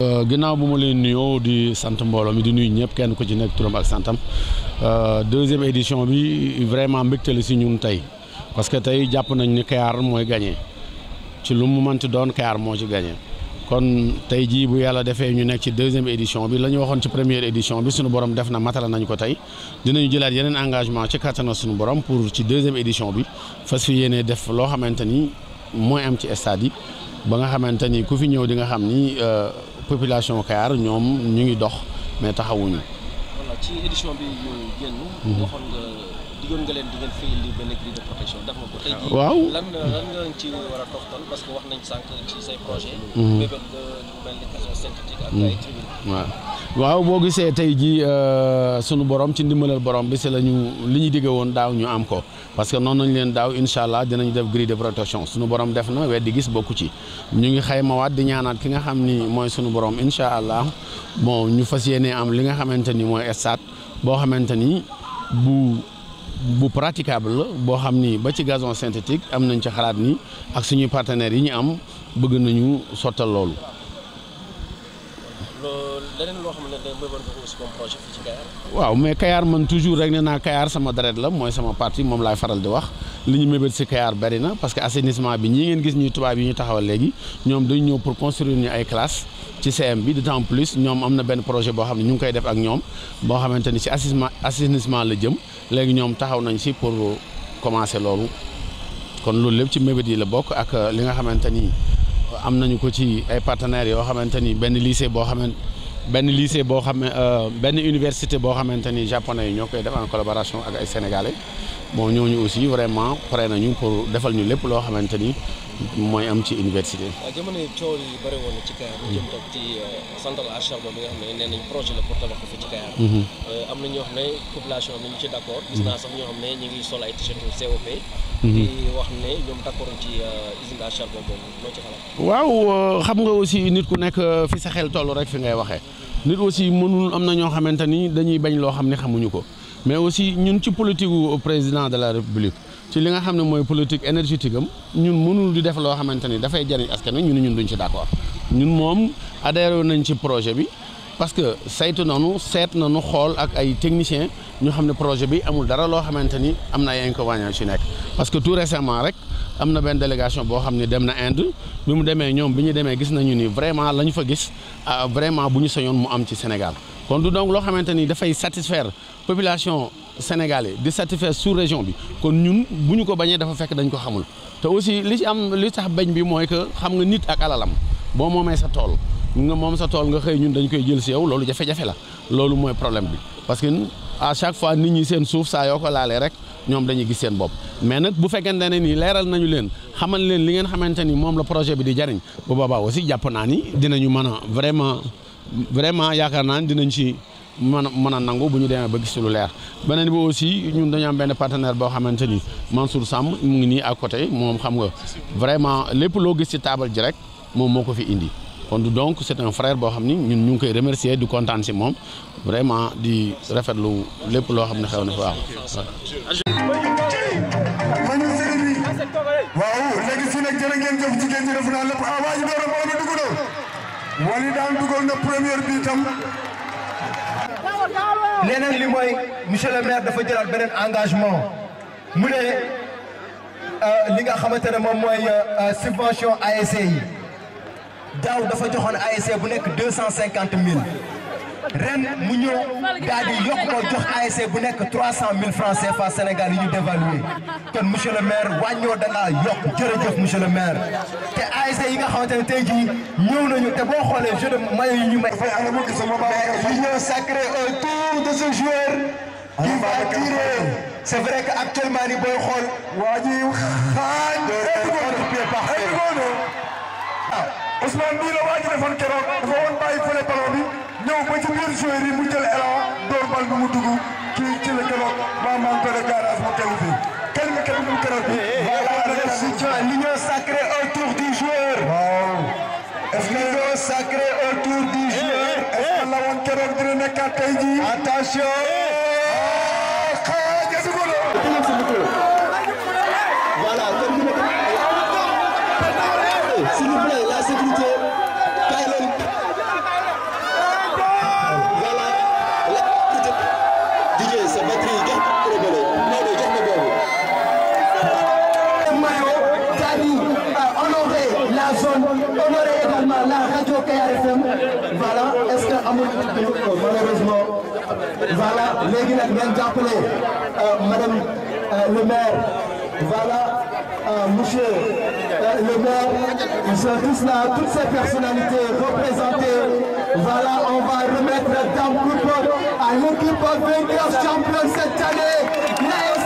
Euh, ginnaaw bu ma leen nuyoo di sant mbooloo mi di nuyu ñëpp kenn ko ci nekk turam ak santam euh, deuxième édition bi vraiment mbégte la si ñun tey parce que tey jàpp nañ ni Kayar mooy gagné ci lu mu mënti doon Kayar moo ci gagné. kon tey jii bu yàlla defee ñu nekk ci deuxième édition bi la ñu waxoon ci première édition bi suñu borom def na matala nañ ko tey dinañu jëlaat yeneen engagement ci kattana suñu borom pour ci deuxième édition bi fa fi yéene def loo xamante ni mooy ci stade yi population Kayar ñoom ñu ngi dox mais taxawuñu. voilà waaw lan mhm. mhm. waaw boo gisee tey jii euh, sunu borom ci ndimbalal borom bi si la ñu li ñu digge woon daaw ñu am ko parce que noonu nañ leen daaw incha allah dinañu def grille de protection sunu borom def na weddi gis bokku ci ñu ngi xaymawaat di ñaanaat ki nga xam ni mooy sunu boroom incha allah bon ñu fas yéene am li nga xamante ni mooy stade boo xamante ni bu bu praticable la boo xam ni ba ci gazon synthétique am nañ ci xalaat ni ak suñuy partenaires yi ñu am bëgg nañu sottal loolu leneen loo waaw mais Kayar man toujours rek ne naa kayaar sama deret la mooy sama parti moom laay faral di wax li ñu mébét si Kayar bari parce que assainissement bi ñi ngeen gis ñuy tubaab yi ñu taxawal léegi ñoom dañu ñëw pour construire ñu ay classes ci CM bi d'autant ñoom am na benn projet boo xam ne ñu ngi koy def ak ñoom boo xamante ni si assainissement assainissement la jëm léegi ñoom taxaw nañ si pour commencer loolu kon loolu lépp ci mébét yi la bokk ak euh, li nga xamante ni am nañu ko ci ay partenaires yoo xamante ni benn lycée boo xamante. benn lycée boo xam ne euh, benn université boo xamante ni japonais yi ñoo koy def en collaboration ak ay sénégalais. bon ñooñu aussi vraiment pare nañu pour defal ñu lépp loo xamante ni mooy am ci université. jamono yi coow yi bëri ci Kayar. jëm tam ci euh, centrale à charbon bi nga xam ne mhm. euh, am na ñoo xam ne population am nañu ci d' accord. gis ñoo xam ne ñu ngi sol ay t-shirt mhm. ñoom d' ci euh, usine à boobu waaw xam nga aussi nit ku nekk fi sa xel tollu rek fi ngay waxee. nit aussi mënul am na ñoo xamante ni dañuy bañ loo xam ne xamuñu ko. mais aussi ñun ci politique président de la république ci li nga xam ne mooy politique énergétique ñun mënul di def loo xamante ni dafay jariñ askan wi ñun ñun duñ ci d'accord ñun moom adhéré nañ ci projet bi parce que saytu nañu seet nañu xool ak ay techniciens ñu xam ne projet bi amul dara loo xamante ni am na ay inconvénients ci nekk parce que tout récemment rek am na benn délégation boo xam ne dem na Inde bi mu demee ñoom bi ñu demee gis nañu nii vraiment la ñu fa gis ah, vraiment bu ñu sañoon mu am ci Sénégal kon du donc loo xamante ni dafay satisfaire population sénégalais di satisfaire sous région bi kon ñun bu ñu ko bañee dafa fekk dañ ko xamul te aussi li ci am li tax bañ bi mooy que xam nga nit ak alalam boo moomee sa tool nga moom sa tool nga xëy ñun dañ koy jël si yow loolu jafe-jafe la loolu mooy problème bi parce que à chaque fois nit ñi seen suuf saa yoo ko laalee rek ñoom dañuy gis seen bopp mais nag bu fekkente ne nii leeral nañu leen xamal leen li ngeen xamante ni moom la projet bi di jariñ bu boobaa aussi jàpp naa ni dinañu mën a vraiment vraiment yaakaar naa dinañ ci mën a mën a nangu bu ñu demee ba gis lu leer beneen bi aussi ñun dañu am benn partenaire boo xamante ni Mansour Samb mu ngi nii à côté moom xam nga vraiment lépp loo gis ci taabal ji rek moom moo ko fi indi kon du c' est un frère boo xam ni ñun ñu ngi koy remercier di kontaan si moom vraiment di rafetlu lépp loo xam ne xew na fi waaw. waaw léegi fii nag jërë jigéen ñi def naa lépp ah, Wally daal dugal na première bi tam. leneen li mooy monsieur le maire dafa jëlaat beneen engagement mu ne euh, li nga xamante ne moom mooy euh, subvention ASC e yi daaw dafa joxoon ASC e bu nekk deux cent cinquante mille. ren mu ñëw daal di yokk ko jox ASC bu nekk trois cent mille francs CFA Sénégal yi ñu dévalué kon monsieur le maire wàññoo da ngaa yokk jërëjëf monsieur le maire te ASC yi nga xamante ne tey jii ñëw nañu te boo xoolee jeu de maillot yi ñu may mais l'union sacrée autour de ce joueur qui va tirer c'est vrai que actuellement ni booy xool waa ji xaañ ah, Ousmane bii la waa ji defoon keroog dafa woon bàyyi fële ñaari joueurs yi mu jël élan dóor bal bi mu dugg ci ci la keroog maa maa ngi koy garage mu qualifié kenn nga kenn mu keroog. l'union sacrée autour du joueur. waaw. est-ce que l'union sacrée autour du eh, joueur. Eh, est-ce que eh. la woon keroog dina nekkaat tey jii. attention. Ah, voilà, s'il vous plaît, la sécurité. rajo KFM voilà est-ce que amul malheureusement voilà léegi nag ngeen jàppale euh, madame euh, le maire voilà euh, monsieur le maire ils sont tous là toutes ces on va remettre Dame Coupe à l'équipe vainqueur championne cette année